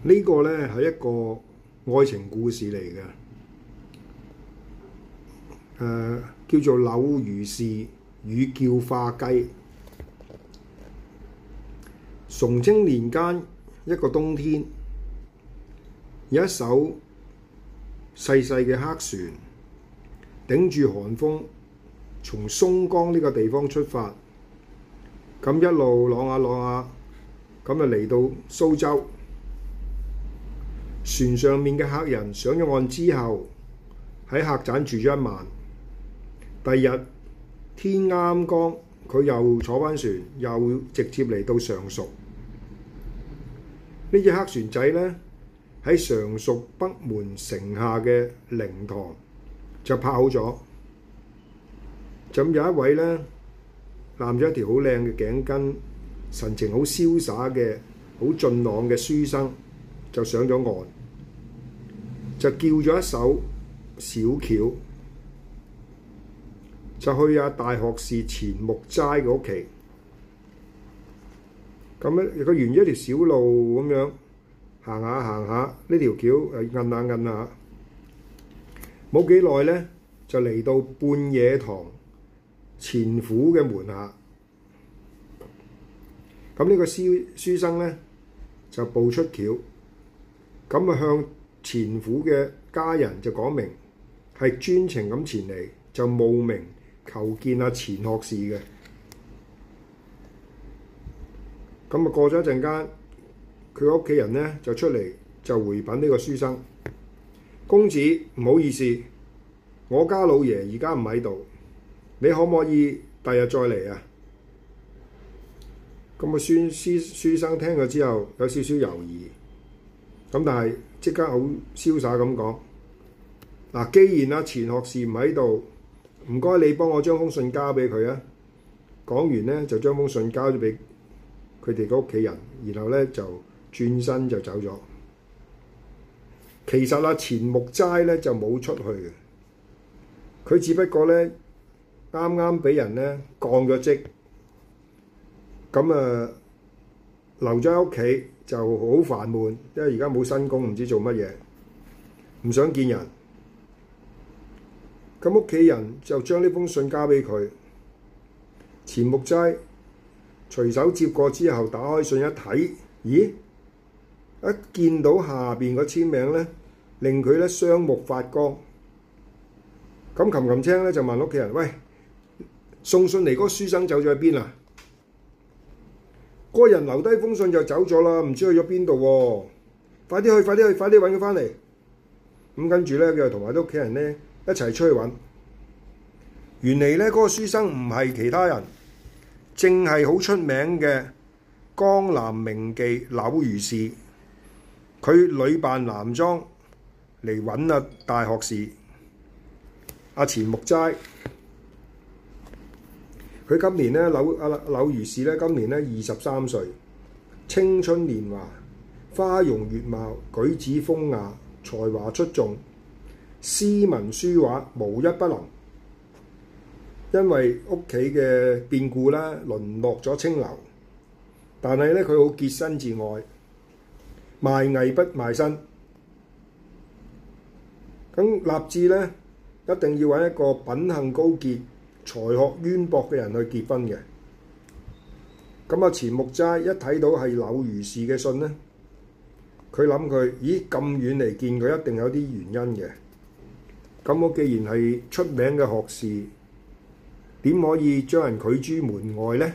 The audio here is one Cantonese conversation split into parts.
個呢個咧係一個愛情故事嚟嘅，誒、呃、叫做《柳如是與叫化雞》。崇禎年間一個冬天，有一艘細細嘅黑船，頂住寒風，從松江呢個地方出發，咁一路浪下浪下，咁就嚟到蘇州。船上面嘅客人上咗岸之後，喺客棧住咗一晚。第二日天啱光，佢又坐翻船，又直接嚟到常熟。呢隻黑船仔咧，喺常熟北門城下嘅靈堂就拍好咗。咁有一位咧攬咗一條好靚嘅頸巾，神情好瀟灑嘅、好俊朗嘅書生就上咗岸。就叫咗一首小轎，就去阿大學士錢牧齋嘅屋企。咁咧，佢沿咗一條小路咁樣行下行下，條韌韌韌韌呢條轎誒按下按下。冇幾耐咧，就嚟到半野堂錢府嘅門下。咁呢個書書生咧就步出轎，咁啊向。錢府嘅家人就講明係專程咁前嚟，就慕名求見阿錢學士嘅。咁啊過咗一陣間，佢屋企人咧就出嚟就回禀呢個書生，公子唔好意思，我家老爺而家唔喺度，你可唔可以第日再嚟啊？咁啊，孫師書生聽咗之後有少少猶豫，咁但係。即刻好瀟灑咁講，嗱，既然阿錢學士唔喺度，唔該你幫我將封信交俾佢啊！講完咧就將封信交咗俾佢哋個屋企人，然後咧就轉身就走咗。其實阿錢牧齋咧就冇出去嘅，佢只不過咧啱啱俾人咧降咗職，咁啊留咗喺屋企。就好煩悶，因為而家冇新工，唔知做乜嘢，唔想見人。咁屋企人就將呢封信交俾佢，錢牧齋隨手接過之後，打開信一睇，咦？一見到下邊個簽名咧，令佢咧雙目發光。咁擒擒青咧就問屋企人：喂，送信嚟嗰個書生走咗去邊啊？嗰個人留低封信就走咗啦，唔知去咗邊度喎！快啲去，快啲去，快啲揾佢翻嚟！咁跟住咧，佢就同埋啲屋企人咧一齊出去揾。原嚟咧，嗰、那個書生唔係其他人，正係好出名嘅江南名妓柳如是。佢女扮男裝嚟揾啊大學士阿、啊、錢木齋。佢今年咧，柳啊柳如是咧，今年咧二十三歲，青春年華，花容月貌，舉止風雅，才華出眾，詩文書畫無一不能。因為屋企嘅變故啦，淪落咗青樓，但係咧佢好潔身自愛，賣藝不賣身。咁立志咧，一定要揾一個品行高潔，才學淵博嘅人去結婚嘅。咁阿錢木齋一睇到係柳如是嘅信呢，佢諗佢，咦，咁遠嚟見佢，一定有啲原因嘅，咁我既然係出名嘅學士，點可以將人拒諸門外呢？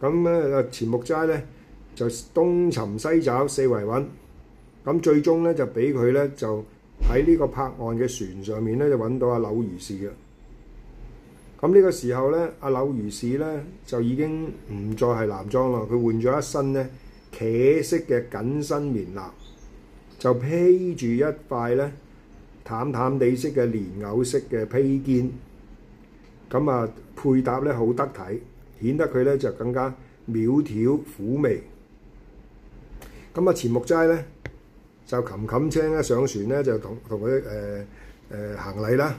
咁咧阿錢木齋咧就東尋西找四圍揾，咁最終咧就俾佢咧就喺呢個泊岸嘅船上面咧就揾到阿柳如是嘅！咁呢個時候咧，阿柳如是咧就已經唔再係男裝啦，佢換咗一身咧茄色嘅緊身棉衲，就披住一塊咧淡淡地色嘅蓮藕色嘅披肩，咁啊配搭咧好得體，顯得佢咧就更加苗條嫵媚。咁啊，錢牧齋咧就擒擒青咧上船咧就同同佢誒誒行禮啦。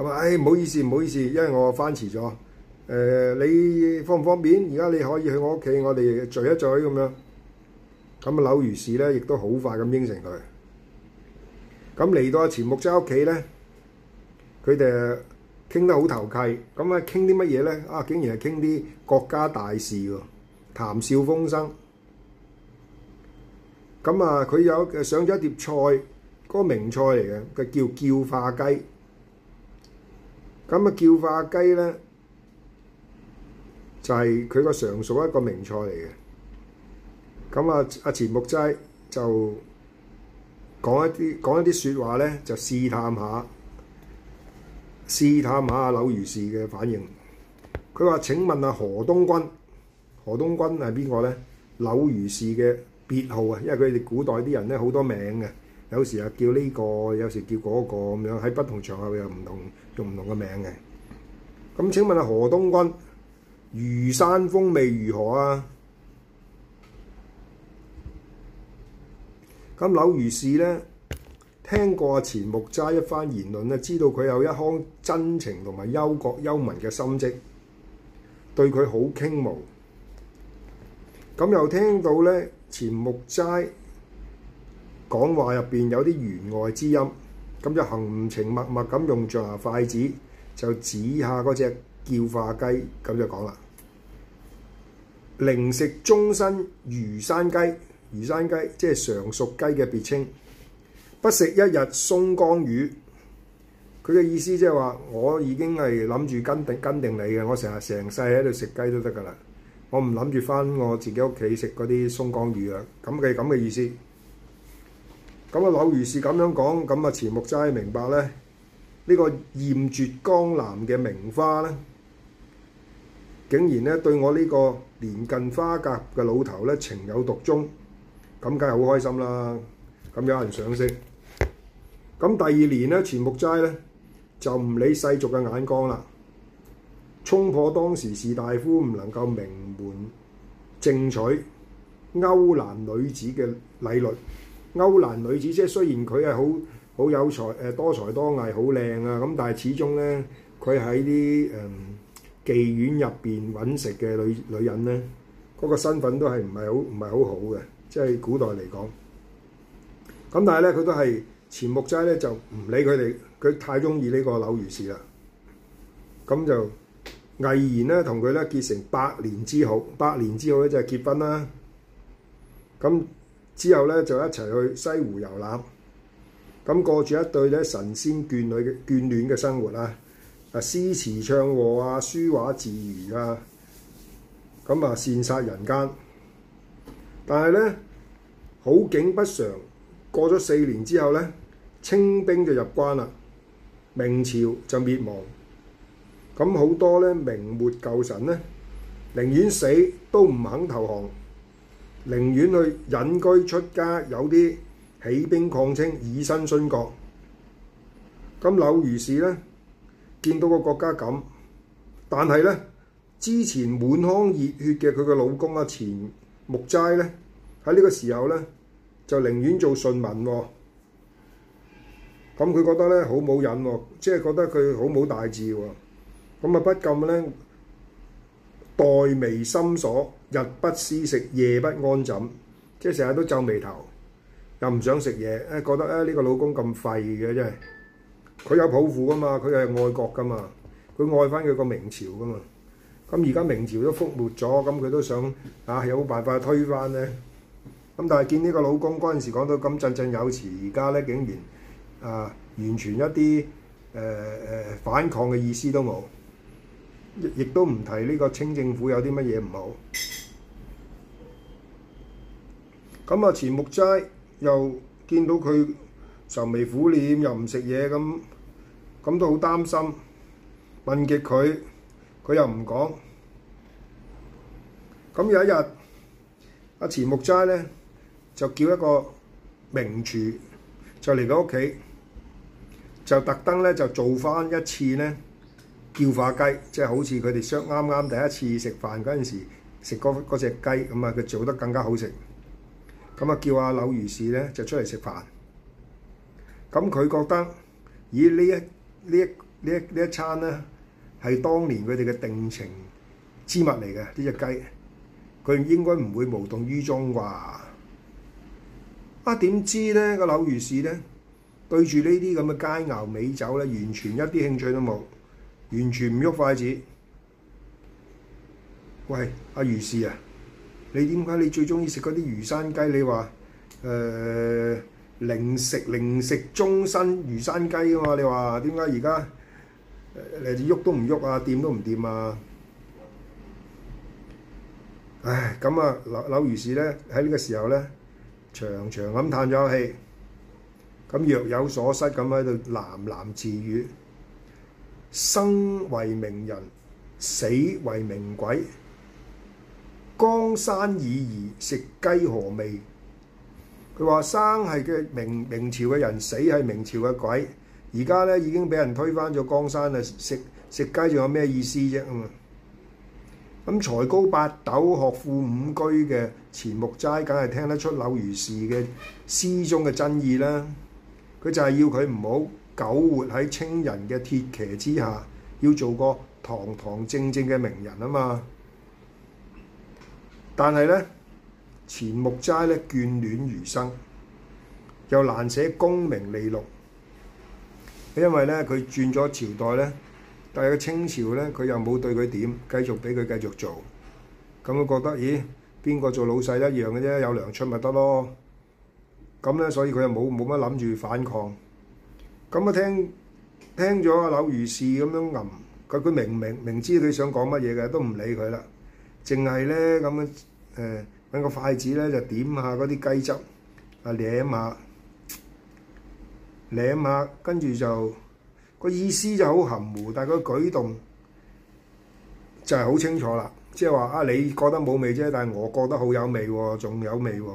咁啊！唉，唔好意思，唔好意思，因為我返遲咗。誒，你方唔方便？而家你可以去我屋企，我哋聚一聚咁樣。咁啊，柳如是咧，亦都好快咁應承佢。咁嚟到阿錢牧齋屋企咧，佢哋傾得好投契。咁啊，傾啲乜嘢咧？啊，竟然係傾啲國家大事喎，談笑風生。咁啊，佢有上咗一碟菜，嗰個名菜嚟嘅，佢叫叫化雞。咁啊！叫化雞咧，就係佢個常熟一個名菜嚟嘅。咁啊，阿錢牧齋就講一啲講一啲説話咧，就試探下，試探下柳如是嘅反應。佢話：請問啊，河東君？河東君係邊個咧？柳如是嘅別號啊，因為佢哋古代啲人咧，好多名嘅。有時啊叫呢、這個，有時叫嗰、那個咁樣，喺不同場合又唔同用唔同嘅名嘅。咁請問啊，河東君，虞山風味如何啊？咁柳如是呢，聽過阿、啊、錢木齋一番言論咧，知道佢有一腔真情同埋憂國憂民嘅心跡，對佢好傾慕。咁又聽到呢，錢木齋講話入邊有啲弦外之音，咁就含情脈脈咁用著筷子就指下嗰隻叫化雞，咁就講啦。寧食終身魚山雞，魚山雞即係常熟雞嘅別稱。不食一日松江魚。佢嘅意思即係話，我已經係諗住跟定跟定你嘅，我成日成世喺度食雞都得噶啦。我唔諗住返我自己屋企食嗰啲松江魚啦。咁嘅咁嘅意思。咁啊，柳如是咁樣講，咁啊，錢木齋明白咧，呢、這個豔絕江南嘅名花咧，竟然咧對我呢個年近花甲嘅老頭咧情有獨鍾，咁梗係好開心啦！咁有人賞識，咁第二年咧，錢木齋咧就唔理世俗嘅眼光啦，衝破當時士大夫唔能夠名門正娶勾欄女子嘅禮律。勾欄女子即係雖然佢係好好有才，誒多才多藝、好靚啊，咁，但係始終咧佢喺啲誒妓院入邊揾食嘅女女人咧，嗰個身份都係唔係好唔係好好嘅，即係古代嚟講。咁但係咧，佢都係錢牧齋咧就唔理佢哋，佢太中意呢個柳如是啦。咁就毅然咧同佢咧結成百年之好，百年之好咧就係結婚啦。咁之後咧就一齊去西湖遊覽，咁過住一對咧神仙眷侶嘅眷戀嘅生活啊！啊詩詞唱和啊，書畫自如，啊，咁啊羨煞人間。但係咧好景不常，過咗四年之後咧，清兵就入關啦，明朝就滅亡。咁好多咧明末舊臣咧，寧願死都唔肯投降。寧願去隱居出家，有啲起兵抗清，以身殉國。咁柳如是呢，見到個國家咁，但係呢，之前滿腔熱血嘅佢個老公啊，錢牧齋呢，喺呢個時候呢，就寧願做順民喎、哦。咁佢覺得呢，好冇癮喎，即係覺得佢好冇大志喎、哦。咁啊不禁呢，黛眉深鎖。日不思食，夜不安枕，即係成日都皺眉頭，又唔想食嘢。誒、哎，覺得啊，呢、哎呢個老公咁廢嘅真係。佢有抱負㗎嘛？佢係愛國㗎嘛？佢愛翻佢個明朝㗎嘛？咁而家明朝都覆沒咗，咁佢都想嚇、啊、有冇辦法推翻呢？咁但係見呢個老公嗰陣時講到咁振振有詞，而家呢竟然啊完全一啲誒誒反抗嘅意思都冇，亦亦都唔提呢個清政府有啲乜嘢唔好。咁啊！錢木齋又見到佢愁眉苦臉，又唔食嘢，咁咁都好擔心，問極佢，佢又唔講。咁有一日，阿錢木齋咧就叫一個名廚就嚟佢屋企，就特登咧就做翻一次咧叫化雞，即係好似佢哋相啱啱第一次食飯嗰陣時食嗰嗰隻雞咁啊！佢做得更加好食。咁啊，叫阿柳如是咧就出嚟食飯。咁佢覺得，以、哎、呢一呢呢呢一餐咧，係當年佢哋嘅定情之物嚟嘅呢隻雞，佢應該唔會無動於衷啩？啊，點知咧個柳如是咧，對住呢啲咁嘅佳餚美酒咧，完全一啲興趣都冇，完全唔喐筷子。喂，阿如是啊！你點解你最中意食嗰啲魚生雞？你話誒零食零食終身魚生雞啊嘛？你話點解而家你哋喐都唔喐啊，掂都唔掂啊？唉，咁啊，柳柳如是咧，喺呢個時候咧，長長咁嘆咗口氣，咁若有所失咁喺度喃喃自語：生為名人，死為名鬼。江山已移，食雞何味？佢話生係嘅明明朝嘅人，死係明朝嘅鬼。而家咧已經俾人推翻咗江山啦，食食雞仲有咩意思啫？咁、嗯、才高八斗、學富五車嘅錢牧齋，梗係聽得出柳如是嘅詩中嘅真意啦。佢就係要佢唔好苟活喺清人嘅鐵騎之下，要做個堂堂正正嘅名人啊嘛！但係咧，錢木齋咧眷戀餘生，又難捨功名利祿。因為咧，佢轉咗朝代咧，但係個清朝咧，佢又冇對佢點，繼續俾佢繼續做。咁佢覺得，咦，邊個做老細一樣嘅啫？有糧出咪得咯？咁咧，所以佢又冇冇乜諗住反抗。咁啊，聽聽咗柳如是咁樣吟，佢佢明明明知佢想講乜嘢嘅，都唔理佢啦，淨係咧咁樣。誒揾個筷子咧，就點下嗰啲雞汁，啊舐下舐下，跟住就個意思就好含糊，但係個舉動就係好清楚啦。即係話啊，你覺得冇味啫，但係我覺得好有味喎，仲有味喎。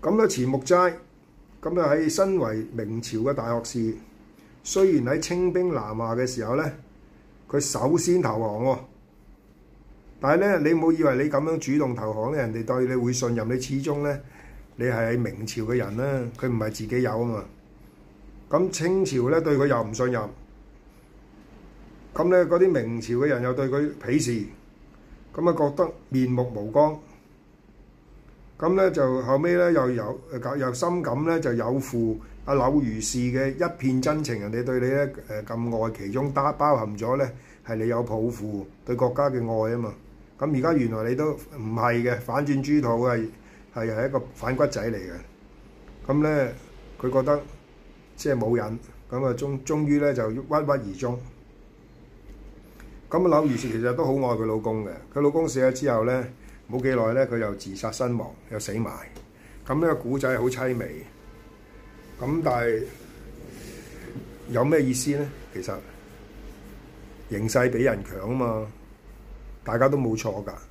咁咧，錢牧齋咁啊，喺身為明朝嘅大學士，雖然喺清兵南下嘅時候咧，佢首先投降喎。但係咧，你冇以為你咁樣主動投降咧，人哋對你會信任你。始終咧，你係明朝嘅人啦，佢唔係自己有啊嘛。咁清朝咧對佢又唔信任，咁咧嗰啲明朝嘅人又對佢鄙視，咁啊覺得面目無光。咁咧就後尾咧又有又深感咧就有負阿柳如是嘅一片真情，人哋對你咧誒咁愛，其中包包含咗咧係你有抱負對國家嘅愛啊嘛。咁而家原來你都唔係嘅，反轉豬肚係係係一個反骨仔嚟嘅。咁咧，佢覺得即係冇癮，咁啊終終於咧就鬱郁而終。咁柳如是其實都好愛佢老公嘅，佢老公死咗之後咧，冇幾耐咧佢又自殺身亡，又死埋。咁呢個古仔好淒美。咁但係有咩意思咧？其實形勢比人強啊嘛。大家都冇錯㗎。